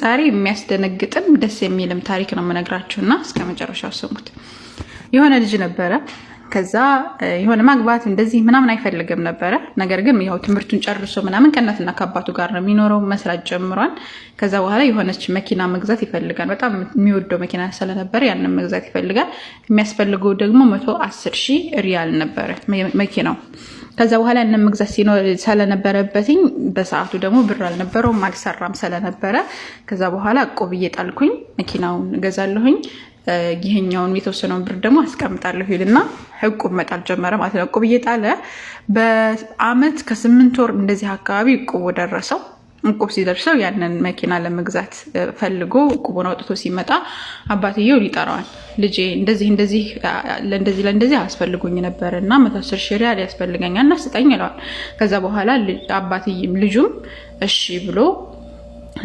ዛሬ የሚያስደነግጥም ደስ የሚልም ታሪክ ነው የምነግራችሁና እስከ መጨረሻው ስሙት። የሆነ ልጅ ነበረ ከዛ የሆነ ማግባት እንደዚህ ምናምን አይፈልግም ነበረ። ነገር ግን ያው ትምህርቱን ጨርሶ ምናምን ከእናትና ከአባቱ ጋር ነው የሚኖረው፣ መስራት ጀምሯል። ከዛ በኋላ የሆነች መኪና መግዛት ይፈልጋል። በጣም የሚወደው መኪና ስለነበረ ያንን መግዛት ይፈልጋል። የሚያስፈልገው ደግሞ መቶ አስር ሺህ ሪያል ነበረ መኪናው። ከዛ በኋላ ያንን መግዛት ስለነበረበትኝ በሰዓቱ ደግሞ ብር አልነበረውም አልሰራም ስለነበረ ከዛ በኋላ ቆብዬ ጣልኩኝ፣ መኪናውን እገዛለሁኝ ይሄኛውን የተወሰነውን ብር ደግሞ አስቀምጣለሁ ይልና እቁብ መጣል ጀመረ ማለት ነው። እቁብ እየጣለ በአመት ከስምንት ወር እንደዚህ አካባቢ እቁቡ ደረሰው። እቁብ ሲደርሰው ያንን መኪና ለመግዛት ፈልጎ እቁቡን አውጥቶ ሲመጣ አባትየው ሊጠራዋል። ልጄ እንደዚህ እንደዚህ ለእንደዚህ ለእንደዚህ አስፈልጎኝ ነበር እና መቶ አስር ሺህ ሪያል ያስፈልገኛል እና ስጠኝ ይለዋል። ከዛ በኋላ አባትይም ልጁም እሺ ብሎ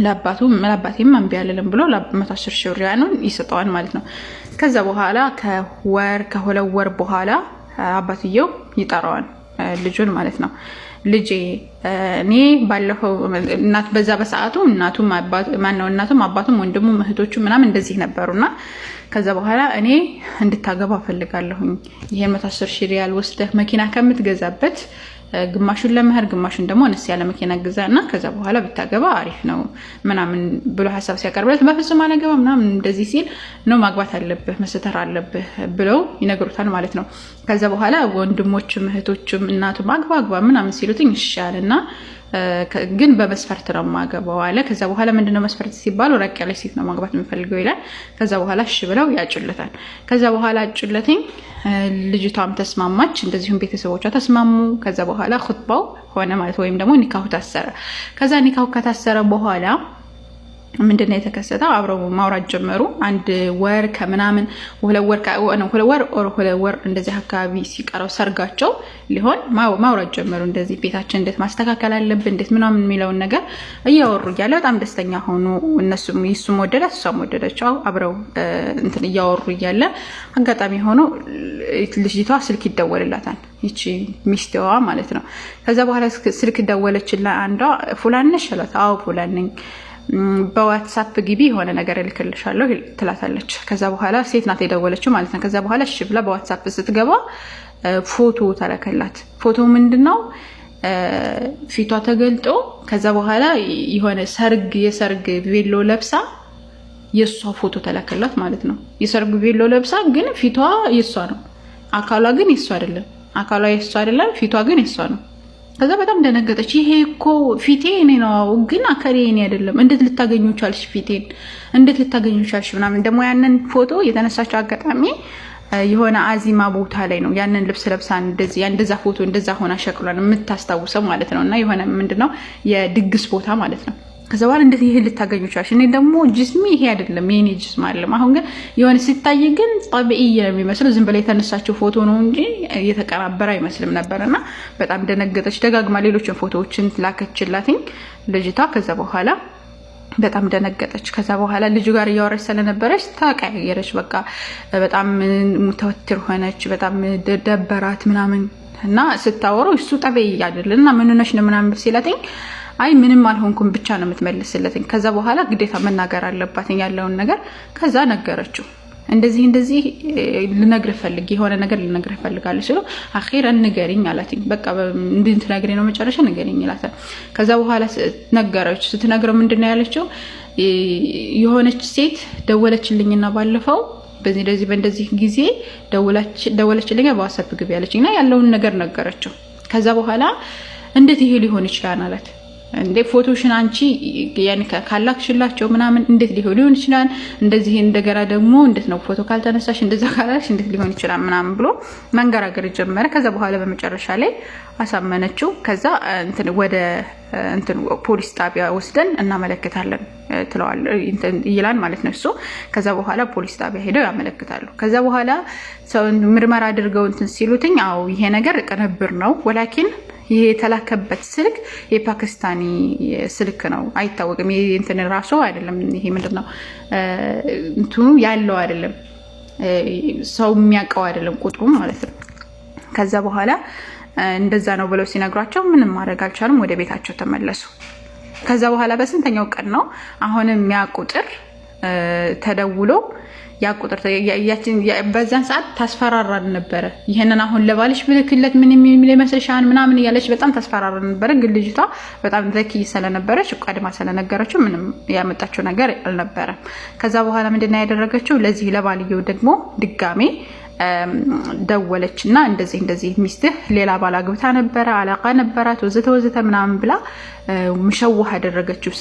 ለአባቱ ለአባቴም እምቢ አልልም ብሎ መቶ አስር ሺህ ብር ይሰጠዋል ማለት ነው። ከዛ በኋላ ከወር ከሁለት ወር በኋላ አባትየው ይጠራዋል ልጁን ማለት ነው። ልጄ እኔ ባለፈው እናት በዛ በሰዓቱ እናቱም ማነው እናቱም አባቱም ወንድሙ እህቶቹ ምናምን እንደዚህ ነበሩና ከዛ በኋላ እኔ እንድታገባ ፈልጋለሁኝ ይሄን መቶ አስር ሺህ ሪያል ወስደህ መኪና ከምትገዛበት ግማሹን ለመህር ግማሹን ደግሞ አነስ ያለ መኪና ግዛ እና ከዛ በኋላ ብታገባ አሪፍ ነው ምናምን ብሎ ሀሳብ ሲያቀርብለት በፍጹም አላገባ ምናምን እንደዚህ ሲል ነው ማግባት አለብህ መሰተር አለብህ ብለው ይነግሩታል ማለት ነው። ከዛ በኋላ ወንድሞችም እህቶችም እናቱም አግባ አግባ ምናምን ሲሉትኝ ይሻል እና ግን በመስፈርት ነው ማገባው አለ። ከዛ በኋላ ምንድነው መስፈርት ሲባል ረቅ ያለች ሴት ነው ማግባት የምፈልገው ይላል። ከዛ በኋላ እሺ ብለው ያጩለታል። ከዛ በኋላ አጩለትኝ፣ ልጅቷም ተስማማች፣ እንደዚሁም ቤተሰቦቿ ተስማሙ። ከዛ በኋላ ሁጥባው ሆነ ማለት ወይም ደግሞ ኒካሁ ታሰረ። ከዛ ኒካሁ ከታሰረ በኋላ ምንድን ነው የተከሰተው? አብረው ማውራት ጀመሩ። አንድ ወር ከምናምን ሁለት ወር ሁለት እንደዚህ አካባቢ ሲቀረው ሰርጋቸው ሊሆን ማውራት ጀመሩ። እንደዚህ ቤታችን እንዴት ማስተካከል አለብን እንዴት ምናምን የሚለውን ነገር እያወሩ እያለ በጣም ደስተኛ ሆኑ። እነሱም ይሱም ወደደ እሷም ወደደቸው። አብረው እንትን እያወሩ እያለ አጋጣሚ ሆኖ ልጅቷ ስልክ ይደወልላታል። ይቺ ሚስቴዋ ማለት ነው። ከዛ በኋላ ስልክ ደወለችላ አንዷ ፉላን ነሽ አላት። አዎ ፉላን ነኝ በዋትሳፕ ግቢ የሆነ ነገር እልክልሻለሁ ትላታለች። ከዛ በኋላ ሴት ናት የደወለችው ማለት ነው። ከዛ በኋላ እሺ ብላ በዋትሳፕ ስትገባ ፎቶ ተለከላት። ፎቶ ምንድን ነው? ፊቷ ተገልጦ ከዛ በኋላ የሆነ ሰርግ የሰርግ ቬሎ ለብሳ የእሷ ፎቶ ተለከላት ማለት ነው። የሰርግ ቬሎ ለብሳ ግን ፊቷ የእሷ ነው፣ አካሏ ግን የእሷ አይደለም። አካሏ የእሷ አይደለም፣ ፊቷ ግን የእሷ ነው። ከዛ በጣም ደነገጠች። ይሄ እኮ ፊቴ እኔ ነው ግን አከሬ እኔ አይደለም፣ እንዴት ልታገኙ ቻልሽ? ፊቴን እንዴት ልታገኙ ቻልሽ? ምናምን ደግሞ ያንን ፎቶ የተነሳቸው አጋጣሚ የሆነ አዚማ ቦታ ላይ ነው ያንን ልብስ ለብሳ እንደዛ ፎቶ እንደዛ ሆና ሸቅሏን የምታስታውሰው ማለት ነው። እና የሆነ ምንድነው የድግስ ቦታ ማለት ነው። ከዛ በኋላ እንዴት ይሄ ልታገኙ ቻልሽ? እኔ ደግሞ ጅስሚ ይሄ አይደለም የኔ ጅስም አይደለም። አሁን ግን የሆነ ሲታይ ግን ጠብኢ ነው የሚመስለው። ዝም ብላ የተነሳችው ፎቶ ነው እንጂ የተቀናበረ አይመስልም ነበር። እና በጣም ደነገጠች። ደጋግማ ሌሎችን ፎቶዎችን ላከችላትኝ ልጅቷ። ከዛ በኋላ በጣም ደነገጠች። ከዛ በኋላ ልጁ ጋር እያወራች ስለነበረች ተቀያየረች። በቃ በጣም ሙተወትር ሆነች። በጣም ደበራት ምናምን እና ስታወረው እሱ ጠብኢ አይደለም እና ምንነሽ ነው ምናምን ሲላትኝ አይ ምንም አልሆንኩም ብቻ ነው የምትመልስለትኝ። ከዛ በኋላ ግዴታ መናገር አለባትኝ ያለውን ነገር። ከዛ ነገረችው እንደዚህ እንደዚህ ልነግርህ ፈልግ የሆነ ነገር ልነግርህ ፈልጋለሁ ሲለው አኼረን ንገሪኝ አላትኝ። በቃ እንድትነግሪኝ ነው መጨረሻ ንገሪኝ ይላታል። ከዛ በኋላ ነገረች። ስትነግረው ምንድን ነው ያለችው? የሆነች ሴት ደወለችልኝና ባለፈው በዚህ እንደዚህ በእንደዚህ ጊዜ ደወለችልኝ በዋሳፕ ግብ ያለችኝ እና ያለውን ነገር ነገረችው። ከዛ በኋላ እንዴት ይሄ ሊሆን ይችላል አላት። እንዴ ፎቶሽን አንቺ ያን ካላክሽላቸው ምናምን እንዴት ሊሆን ሊሆን ይችላል? እንደዚህ እንደገና ደግሞ እንዴት ነው ፎቶ ካልተነሳሽ እንደዛ ካላልሽ እንዴት ሊሆን ይችላል? ምናምን ብሎ መንገራገር ጀመረ። ከዛ በኋላ በመጨረሻ ላይ አሳመነችው። ከዛ እንትን ወደ እንትን ፖሊስ ጣቢያ ወስደን እናመለክታለን ትለዋል ይላል ማለት ነው እሱ። ከዛ በኋላ ፖሊስ ጣቢያ ሄደው ያመለክታሉ። ከዛ በኋላ ሰው ምርመራ አድርገው እንትን ሲሉትኝ አዎ ይሄ ነገር ቅንብር ነው ወላኪን ይሄ የተላከበት ስልክ የፓኪስታኒ ስልክ ነው፣ አይታወቅም። ይሄ እንትን ራሱ አይደለም። ይሄ ምንድን ነው እንትኑ ያለው አይደለም፣ ሰው የሚያውቀው አይደለም፣ ቁጥሩ ማለት ነው። ከዛ በኋላ እንደዛ ነው ብለው ሲነግሯቸው ምንም ማድረግ አልቻሉም፣ ወደ ቤታቸው ተመለሱ። ከዛ በኋላ በስንተኛው ቀን ነው አሁንም ያ ቁጥር ተደውሎ ያ ቁጥር በዛን ሰዓት ታስፈራራን ነበረ። ይህንን አሁን ለባልሽ ብልክለት ምን የሚል ይመስልሻል ምናምን እያለች በጣም ታስፈራራን ነበረ። ግን ልጅቷ በጣም ዘኪ ስለነበረች ቀድማ ስለነገረችው ምንም ያመጣችው ነገር አልነበረም። ከዛ በኋላ ምንድን ነው ያደረገችው? ለዚህ ለባልየው ደግሞ ድጋሜ ደወለች እና እንደዚህ እንደዚህ ሚስትህ ሌላ ባል አግብታ ነበረ፣ አላቃ ነበራት፣ ወዘተ ወዘተ ምናምን ብላ ምሸዋህ ያደረገችው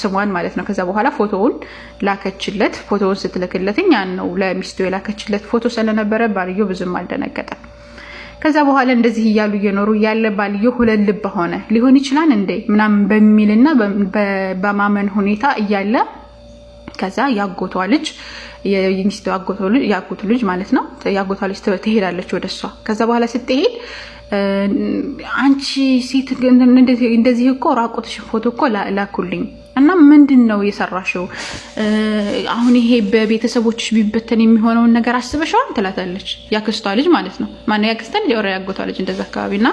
ስሟን ማለት ነው። ከዛ በኋላ ፎቶውን ላከችለት። ፎቶውን ስትልክለትኝ ያን ነው ለሚስቱ የላከችለት ፎቶ ስለነበረ ባልዮ ብዙም አልደነገጠም። ከዛ በኋላ እንደዚህ እያሉ እየኖሩ ያለ ባልዮ ሁለት ልብ ሆነ። ሊሆን ይችላል እንዴ ምናምን በሚልና በማመን ሁኔታ እያለ ከዛ ያጎቷ ልጅ የሚስቱ ያጎቱ ልጅ ማለት ነው። ያጎቷ ልጅ ትሄዳለች ወደ እሷ። ከዛ በኋላ ስትሄድ አንቺ ሴት እንደዚህ እኮ ራቁትሽን ፎቶ እኮ ላኩልኝ እና ምንድን ነው የሰራሽው? አሁን ይሄ በቤተሰቦችሽ ቢበተን የሚሆነውን ነገር አስበሽዋል? ትላታለች ያክስቷ ልጅ ማለት ነው። ማነው ያክስቷ ልጅ ያጎቷ ልጅ እንደዚ አካባቢ እና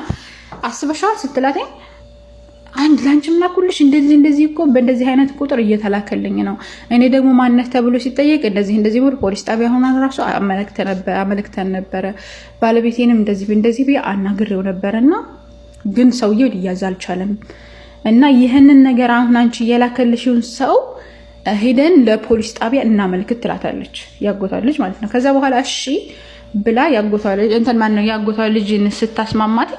አስበሽዋል ስትላት አንድ ላንቺም ላኩልሽ እንደዚህ እንደዚህ እኮ በእንደዚህ አይነት ቁጥር እየተላከልኝ ነው። እኔ ደግሞ ማንነት ተብሎ ሲጠየቅ እንደዚህ እንደዚህ ብሎ ፖሊስ ጣቢያ ሆኗል ራሱ አመልክተን ነበረ። ባለቤቴንም እንደዚህ እንደዚህ ብዬ አናግሬው ነበረ እና ግን ሰውየው ሊያዝ አልቻለም እና ይህንን ነገር አሁን አንቺ እየላከልሽውን ሰው ሄደን ለፖሊስ ጣቢያ እናመልክት ትላታለች። ያጎቷ ልጅ ማለት ነው። ከዛ በኋላ እሺ ብላ ያጎቷ ልጅ እንትን ማነው ያጎቷ ልጅን ስታስማማት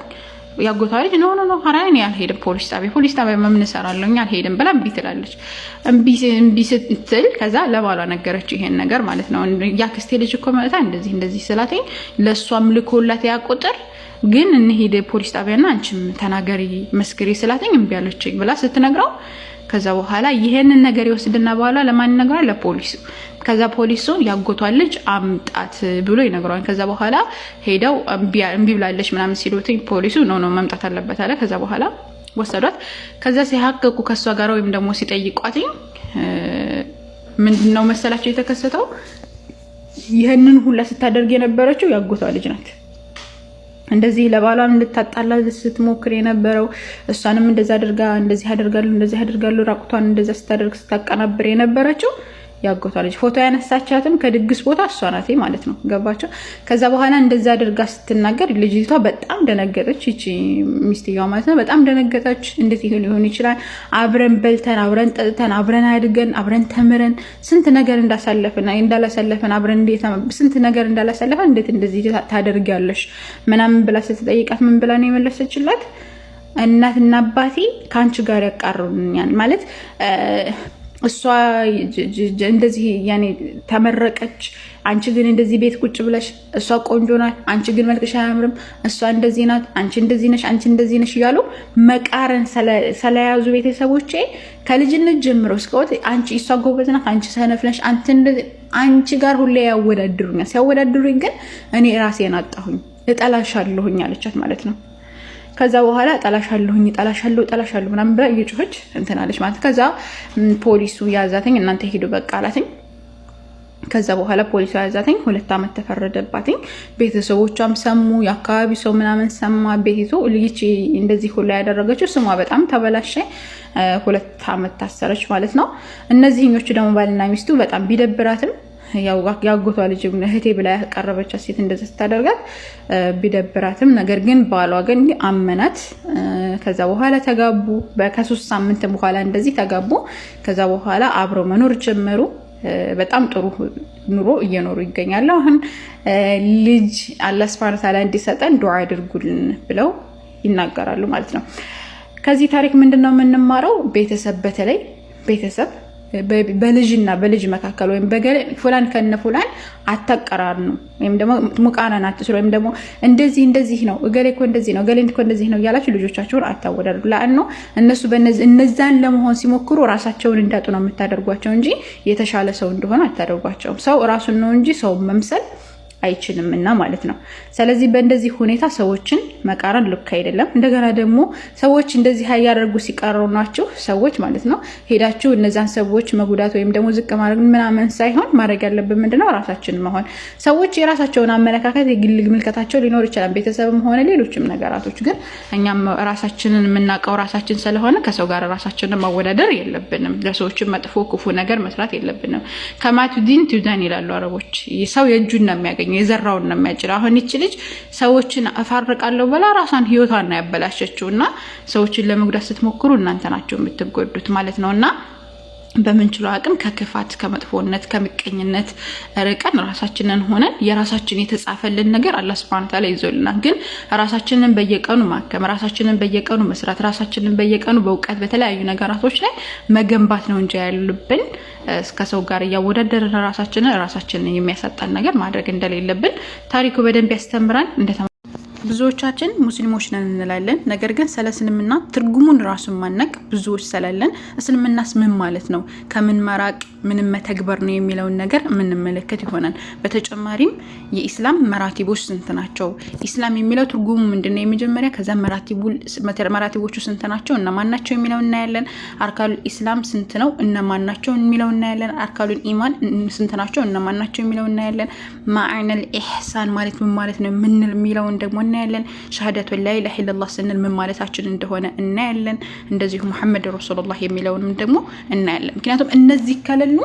ያጎቷ ልጅ ኖ ኖ ኖ ኧረ እኔ አልሄድም ፖሊስ ጣቢያ ፖሊስ ጣቢያ ምን እሰራለሁ እኛ አልሄድም ብላ እምቢ ትላለች። እምቢ ስትል ከዛ ለባሏ ነገረች ይሄን ነገር ማለት ነው። ያክስቴ ልጅ እኮ መጣ እንደዚህ እንደዚህ ስላተኝ ለእሷም ልኮላት ያ ቁጥር ግን እንሄድ ፖሊስ ጣቢያና አንቺም ተናገሪ መስክሬ ስላተኝ እምቢ ብላ ስትነግረው ከዛ በኋላ ይሄንን ነገር ይወስድና በኋላ ለማን ይነግረዋል? ለፖሊሱ። ከዛ ፖሊሱ ያጎቷን ልጅ አምጣት ብሎ ይነግረዋል። ከዛ በኋላ ሄደው እምቢ ብላለች ምናምን ሲሉትኝ ፖሊሱ ኖ ኖ መምጣት አለበት አለ። ከዛ በኋላ ወሰዷት። ከዛ ሲያቀቁ ከእሷ ጋር ወይም ደግሞ ሲጠይቋት ምንድነው መሰላቸው የተከሰተው? ይህንን ሁላ ስታደርግ የነበረችው ያጎቷ ልጅ ናት። እንደዚህ ለባሏን እንድታጣላ ስትሞክር የነበረው እሷንም እንደዚ አድርጋ እንደዚህ አደርጋለሁ እንደዚህ አደርጋለሁ ራቁቷን እንደዚ ስታደርግ ስታቀናብር የነበረችው ያጎቷ ልጅ ፎቶ ያነሳቻትም ከድግስ ቦታ እሷ ናት ማለት ነው። ገባቸው። ከዛ በኋላ እንደዛ አድርጋ ስትናገር ልጅቷ በጣም ደነገጠች። ይቺ ሚስትየዋ ማለት ነው። በጣም ደነገጠች። እንዴት ይሄ ሊሆን ይችላል? አብረን በልተን፣ አብረን ጠጥተን፣ አብረን አድገን፣ አብረን ተምረን ስንት ነገር እንዳሳለፍን እንዳላሳለፍን አብረን ስንት ነገር እንዳላሳለፈን እንዴት እንደዚህ ታደርጊያለሽ? ምናምን ብላ ስትጠይቃት ምን ብላ ነው የመለሰችላት? እናትና አባቴ ከአንቺ ጋር ያቃሩኛል ማለት እሷ እንደዚህ ያኔ ተመረቀች፣ አንቺ ግን እንደዚህ ቤት ቁጭ ብለሽ እሷ ቆንጆ ናት፣ አንቺ ግን መልክሽ አያምርም፣ እሷ እንደዚህ ናት፣ አንቺ እንደዚህ ነሽ፣ አንቺ እንደዚህ ነሽ እያሉ መቃረን ስለያዙ ቤተሰቦቼ ከልጅነት ጀምሮ እስከወት አንቺ እሷ ጎበዝ ናት፣ አንቺ ሰነፍ ነሽ፣ አንቺ ጋር ሁሌ ያወዳድሩኛል። ሲያወዳድሩኝ ግን እኔ ራሴን አጣሁኝ፣ እጠላሻለሁኝ አለቻት ማለት ነው። ከዛ በኋላ ጠላሻለሁኝ ጠላሻለሁ ጠላሻለሁ ምናምን ብላ እየጮኸች እንትናለች ማለት። ከዛ ፖሊሱ ያዛተኝ እናንተ ሄዱ በቃ አላትኝ ከዛ በኋላ ፖሊሱ ያዛተኝ፣ ሁለት ዓመት ተፈረደባትኝ። ቤተሰቦቿም ሰሙ፣ የአካባቢ ሰው ምናምን ሰማ። ይዞ ልይቺ እንደዚህ ሁላ ያደረገችው ስሟ በጣም ተበላሸ። ሁለት ዓመት ታሰረች ማለት ነው። እነዚህኞቹ ደግሞ ባልና ሚስቱ በጣም ቢደብራትም ያጎቷ ልጅ እህቴ ብላ ያቀረበቻት ሴት እንደዚህ ስታደርጋት ቢደብራትም፣ ነገር ግን ባሏ ግን አመናት። ከዛ በኋላ ተጋቡ። ከሶስት ሳምንት በኋላ እንደዚህ ተጋቡ። ከዛ በኋላ አብረው መኖር ጀመሩ። በጣም ጥሩ ኑሮ እየኖሩ ይገኛሉ። አሁን ልጅ አላህ ሱብሃነሁ ወተዓላ እንዲሰጠን ዱዓ አድርጉልን ብለው ይናገራሉ ማለት ነው። ከዚህ ታሪክ ምንድን ነው የምንማረው? ቤተሰብ በተለይ ቤተሰብ በልጅና በልጅ መካከል ወይም በገሌ ፉላን ከነ ፉላን ነው ወይም ደግሞ ሙቃረን አትችሉ ወይም ደግሞ እንደዚህ እንደዚህ ነው እገሌ እኮ እንደዚህ ነው እገሌ እኮ እንደዚህ ነው እያላችሁ ልጆቻችሁን አታወዳሉ። ለአን እነሱ እነዛን ለመሆን ሲሞክሩ ራሳቸውን እንዳጡ ነው የምታደርጓቸው እንጂ የተሻለ ሰው እንደሆነ አታደርጓቸውም። ሰው ራሱን ነው እንጂ ሰው መምሰል አይችልም እና ማለት ነው። ስለዚህ በእንደዚህ ሁኔታ ሰዎችን መቃረን ልክ አይደለም። እንደገና ደግሞ ሰዎች እንደዚህ እያደረጉ ሲቀረው ናቸው ሰዎች ማለት ነው ሄዳችሁ እነዛን ሰዎች መጉዳት ወይም ደግሞ ዝቅ ማድረግ ምናምን ሳይሆን ማድረግ ያለብን ምንድነው ራሳችን መሆን። ሰዎች የራሳቸውን አመለካከት የግል ምልከታቸው ሊኖር ይችላል፣ ቤተሰብም ሆነ ሌሎችም ነገራቶች። ግን እኛም ራሳችንን የምናውቀው ራሳችን ስለሆነ ከሰው ጋር ራሳችንን ማወዳደር የለብንም። ለሰዎችን መጥፎ ክፉ ነገር መስራት የለብንም። ከማቱዲን ቱዳን ይላሉ አረቦች። ሰው የእጁን ነው የሚያገኘው ነው የዘራውን ነው የሚያጭደው። አሁን ይቺ ልጅ ሰዎችን እፋርቃለሁ ብላ ራሷን ህይወቷን ነው ያበላሸችው እና ሰዎችን ለመጉዳት ስትሞክሩ እናንተ ናቸው የምትጎዱት ማለት ነው እና በምንችለው አቅም ከክፋት ከመጥፎነት ከምቀኝነት ርቀን ራሳችንን ሆነን የራሳችን የተጻፈልን ነገር አላህ ሱብሃነሁ ተዓላ ይዞልናል። ግን ራሳችንን በየቀኑ ማከም፣ ራሳችንን በየቀኑ መስራት፣ ራሳችንን በየቀኑ በእውቀት በተለያዩ ነገራቶች ላይ መገንባት ነው እንጂ ያሉብን ከሰው ጋር እያወዳደርን ራሳችንን ራሳችንን የሚያሳጣን ነገር ማድረግ እንደሌለብን ታሪኩ በደንብ ያስተምራል። ብዙዎቻችን ሙስሊሞች ነን እንላለን። ነገር ግን ስለ እስልምና ትርጉሙን ራሱ ማነቅ ብዙዎች ስላለን እስልምናስ ምን ማለት ነው፣ ከምን መራቅ፣ ምንም መተግበር ነው የሚለውን ነገር የምንመለከት ይሆናል። በተጨማሪም የኢስላም መራቲቦች ስንት ናቸው፣ ኢስላም የሚለው ትርጉሙ ምንድነው የመጀመሪያ፣ ከዛ መራቲቦቹ ስንት ናቸው፣ እነማን ናቸው የሚለው እናያለን። አርካሉ ኢስላም ስንት ነው፣ እነማን ናቸው የሚለው እናያለን። አርካሉን ኢማን ስንት ናቸው፣ እነማን ናቸው የሚለው እናያለን። ማዕነል ኢሕሳን ማለት ምን ማለት ነው ምንል የሚለውን ደግሞ እናያለን። ሸሃደቱን ላይ ላ ስንል ምን ማለታችን እንደሆነ እናያለን። እንደዚሁ ሙሐመድ ረሱሉላህ የሚለውንም ደግሞ እናያለን። ምክንያቱም እነዚህ ከሌሉ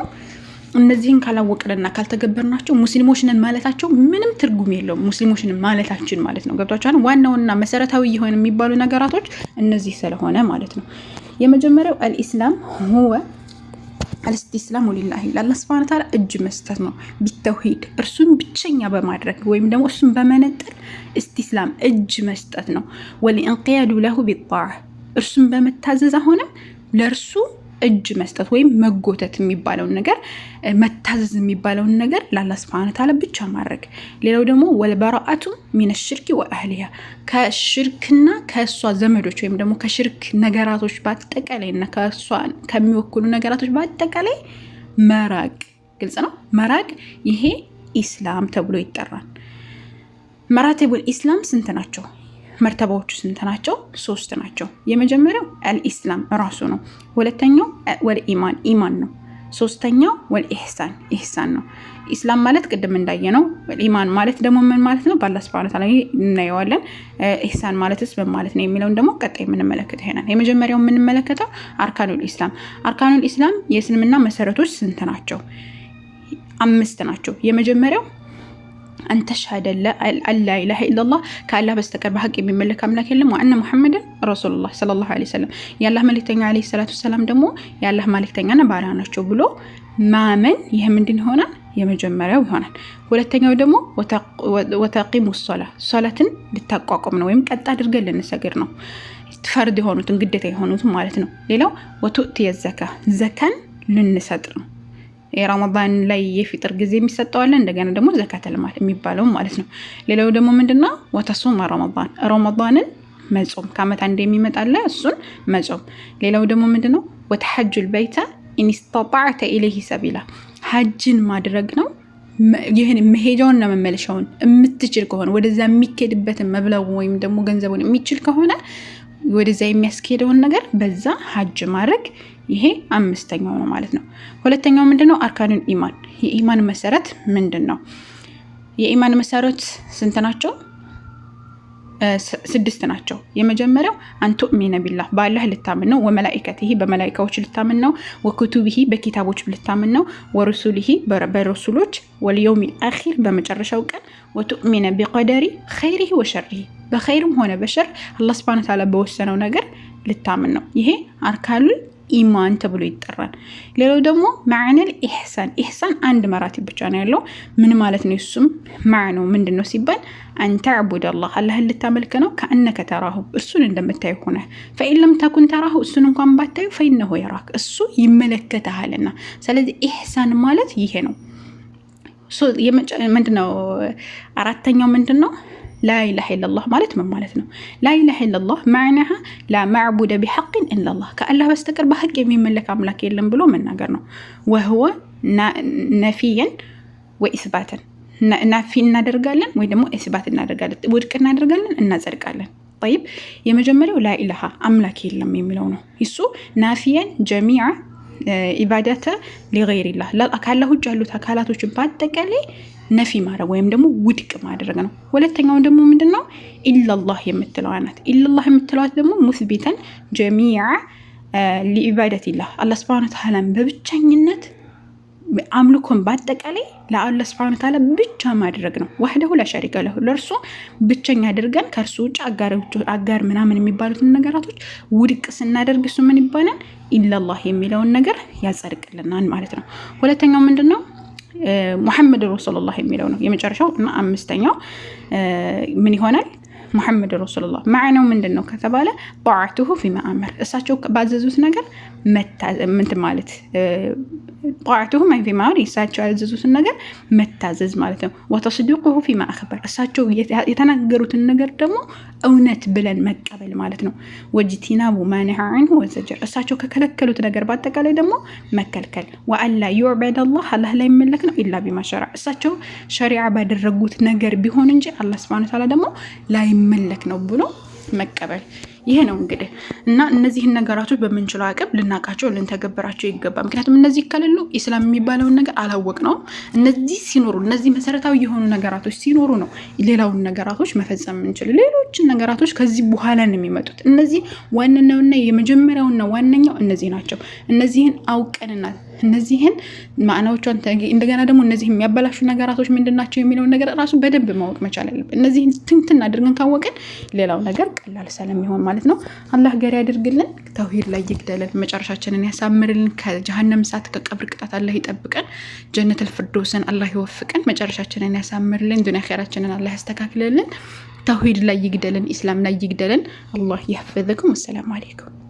እነዚህን ካላወቅንና ካልተገበርናቸው ሙስሊሞች ነን ማለታቸው ምንም ትርጉም የለውም። ሙስሊሞች ነን ማለታችን ማለት ነው። ገብቷችኋል? ዋናውና መሰረታዊ የሆነ የሚባሉ ነገራቶች እነዚህ ስለሆነ ማለት ነው። የመጀመሪያው አልኢስላም ሁወ አልስቲስላም ወሊላ ለአላህ ስብሃነ ተዓላ እጅ መስጠት ነው ቢተውሂድ እርሱን ብቸኛ በማድረግ ወይም ደግሞ እሱን በመነጠል እስቲስላም እጅ መስጠት ነው። ወሊእንቅያዱ ለሁ ቢጣዕ እርሱን በመታዘዝ አሁንም ለእርሱ እጅ መስጠት ወይም መጎተት የሚባለውን ነገር መታዘዝ የሚባለውን ነገር ለአላህ ሱብሐነሁ ወተዓላ ብቻ ማድረግ። ሌላው ደግሞ ወልበራአቱ ሚነ ሽርኪ ወአህሊያ ከሽርክና ከእሷ ዘመዶች ወይም ደግሞ ከሽርክ ነገራቶች በአጠቃላይ እና ከእሷ ከሚወክሉ ነገራቶች በአጠቃላይ መራቅ፣ ግልጽ ነው። መራቅ ይሄ ኢስላም ተብሎ ይጠራል። መራቴቡል ኢስላም ስንት ናቸው? መርተባዎቹ ስንት ናቸው? ሶስት ናቸው። የመጀመሪያው አልኢስላም ራሱ ነው። ሁለተኛው ወልኢማን ኢማን ኢማን ነው። ሶስተኛው ወል ኢህሳን ኢህሳን ነው። ኢስላም ማለት ቅድም እንዳየ ነው። ኢማን ማለት ደግሞ ምን ማለት ነው? በአላህ ስብሐነ ወተዓላ እናየዋለን። ኢህሳን ማለትስ ምን ማለት ነው የሚለውን ደግሞ ቀጣይ የምንመለከተው ይሆናል። የመጀመሪያው የምንመለከተው አርካኑል ኢስላም። አርካኑል ኢስላም የእስልምና መሰረቶች ስንት ናቸው? አምስት ናቸው። የመጀመሪያው አንተሻደለ አላ ኢላሀ ኢለላህ ከአላህ በስተቀር በሀቅ የሚመለክ አምላክ የለም፣ ወአነ ሙሐመድን ረሱሉላህ ሰለላሁ ዐለይሂ ወሰለም የአላህ መልእክተኛ ዐለይሂ ሰላቱ ወሰላም ደግሞ የአላህ መልእክተኛና ባሪያ ናቸው ብሎ ማመን ይህ ምንድን ይሆናል? የመጀመሪያው ይሆናል። ሁለተኛው ደግሞ ወተቂሙ ሶላ ሶላትን ልታቋቁም ነው፣ ወይም ቀጥ አድርገን ልንሰግድ ነው። ፈርድ የሆኑትን ግዴታ የሆኑትን ማለት ነው። ሌላው ወቱእትየ ዘካ ዘካን ልንሰጥ ነው። የረመዳን ላይ የፊጥር ጊዜ የሚሰጠዋለን እንደገና ደግሞ ዘካተ ማል የሚባለው ማለት ነው። ሌላው ደግሞ ምንድነው ወተሱም ረመዳን ረመዳንን መጾም ከአመት አንድ የሚመጣለ እሱን መጾም። ሌላው ደግሞ ምንድነው ወተሐጁል በይተ ኢንስተጣዕተ ኢለይህ ሰቢላ ሀጅን ማድረግ ነው። ይህን መሄጃውንና መመለሻውን የምትችል ከሆነ ወደዛ የሚኬድበትን መብለው ወይም ደግሞ ገንዘቡን የሚችል ከሆነ ወደዛ የሚያስኬደውን ነገር በዛ ሀጅ ማድረግ ይሄ አምስተኛው ነው ማለት ነው። ሁለተኛው ምንድን ነው? አርካኑን ኢማን የኢማን መሰረት ምንድን ነው? የኢማን መሰረት ስንት ናቸው? ስድስት ናቸው። የመጀመሪያው አንቱ ሚነ ቢላ በአላህ ልታምን ነው። ወመላይከትህ በመላይካዎች ልታምን ነው። ወክቱብሂ በኪታቦች ልታምን ነው። ወሩሱልሂ በረሱሎች፣ ወልየውሚል አኺር በመጨረሻው ቀን፣ ወቱሚነ ቢቀደሪ ኸይሪህ ወሸሪህ በኸይርም ሆነ በሸር አላህ ስብሃነ ተዓላ በወሰነው ነገር ልታምን ነው። ይሄ አርካሉል ኢማን ተብሎ ይጠራል። ሌላው ደግሞ ማዕነል ኢሕሳን ኢሕሳን አንድ መራቲብ ብቻ ነው ያለው። ምን ማለት ነው? እሱም ማዕነው ምንድን ነው ሲባል አንተዕቡድ አላህ አላህን ልታመልክ ነው። ከአነከ ተራሁ እሱን እንደምታይ ሆነ። ፈኢን ለም ተኩን ተራሁ እሱን እንኳን ባታዩ ፈኢነሁ የራክ እሱ ይመለከተሃልና። ስለዚህ ኢሕሳን ማለት ይሄ ነው። ምንድነው? አራተኛው ምንድን ነው? ላኢላሃ ኢለላህ ማለት ምን ማለት ነው? ላኢላሃ ኢለላህ ማዕናሃ ላ ማዕቡደ ቢሐቅን ኢለላህ ከአላህ በስተቀር በሀቅ የሚመለክ አምላክ የለም ብሎ መናገር ነው። ወህወ ነፊየን ወኢስባትን ናፊ እናደርጋለን ወይ ደግሞ ኢስባት እናደርጋለን፣ ውድቅ እናደርጋለን፣ እናጸድቃለን። ጠይብ የመጀመሪያው ላኢላሃ አምላክ የለም የሚለው ነው። እሱ ናፊየን ጀሚዓ ኢባዳተ ሊገይሪላህ ከአላህ ውጭ ያሉት አካላቶችን በአጠቃላይ ነፊ ማድረግ ወይም ደግሞ ውድቅ ማድረግ ነው። ሁለተኛውን ደግሞ ምንድን ነው? ኢላላህ የምትለዋ ናት። ኢላላህ የምትለዋት ደግሞ ሙስቢተን ጀሚዓ ሊኢባደቲላህ አላ ስብሃነ ተዓላን በብቸኝነት አምልኮን በአጠቃላይ ለአላህ ስብሃነ ተዓላ ብቻ ማድረግ ነው። ዋህደሁ ላ ለሁ ለእርሱ ብቸኛ አድርገን ከእርሱ ውጭ አጋር ምናምን የሚባሉትን ነገራቶች ውድቅ ስናደርግ እሱ ምን ይባላል? ኢላላህ የሚለውን ነገር ያጸድቅልናል ማለት ነው። ሁለተኛው ምንድን ነው? ሙሐመድ ረሱሉላህ የሚለው ነው የመጨረሻው እና አምስተኛው ምን ይሆናል? ሙሐመድ ረሱሉላህ ማዕነው ምንድን ነው ከተባለ ጣዕቱሁ ፊማ አመር እሳቸው ባዘዙት ነገር ምንት ማለት ጣዕቱሁ ማን ፊማ አመር እሳቸው ያዘዙትን ነገር መታዘዝ ማለት ነው። ወተስዲቁሁ ፊማ አክበር እሳቸው የተናገሩትን ነገር ደግሞ እውነት ብለን መቀበል ማለት ነው። ወጅቲናቡ ማንሃ አንሁ ወዘጀር እሳቸው ከከለከሉት ነገር በአጠቃላይ ደግሞ መከልከል። ወአላ ዩዕበድ አላህ ላይ የሚመለክ ነው ኢላ ቢማ እሳቸው ሸሪዓ ባደረጉት ነገር ቢሆን እንጂ አላህ ስብሃነ ወተዓላ ደግሞ ላይ የሚመለክ ነው ብሎ መቀበል ይሄ ነው እንግዲህ እና እነዚህን ነገራቶች በምንችለው አቅም ልናውቃቸው ልንተገብራቸው ይገባል። ምክንያቱም እነዚህ ከሌሉ ኢስላም የሚባለውን ነገር አላወቅ ነው። እነዚህ ሲኖሩ እነዚህ መሰረታዊ የሆኑ ነገራቶች ሲኖሩ ነው ሌላውን ነገራቶች መፈጸም የምንችለው። ሌሎችን ነገራቶች ከዚህ በኋላ ነው የሚመጡት። እነዚህ ዋነኛውና የመጀመሪያውና ዋነኛው እነዚህ ናቸው። እነዚህን አውቀንና እነዚህን ማዕናዎቿን እንደገና ደግሞ እነዚህ የሚያበላሹ ነገራቶች ምንድን ናቸው የሚለውን ነገር ራሱ በደንብ ማወቅ መቻል አለብን። እነዚህን ትንትን አድርገን ካወቅን ሌላው ነገር ቀላል ስለሚሆን ማለት ነው። አላህ ገር ያድርግልን፣ ተውሂድ ላይ ይግደልን፣ መጨረሻችንን ያሳምርልን፣ ከጀሀነም እሳት ከቀብር ቅጣት አላህ ይጠብቀን፣ ጀነት ፍርዶስን አላህ ይወፍቀን፣ መጨረሻችንን ያሳምርልን፣ ዱንያ ኸይራችንን አላህ ያስተካክልልን፣ ተውሂድ ላይ ይግደልን፣ ኢስላም ላይ ይግደልን። አላህ ያፈዘኩም። ወሰላሙ አሌይኩም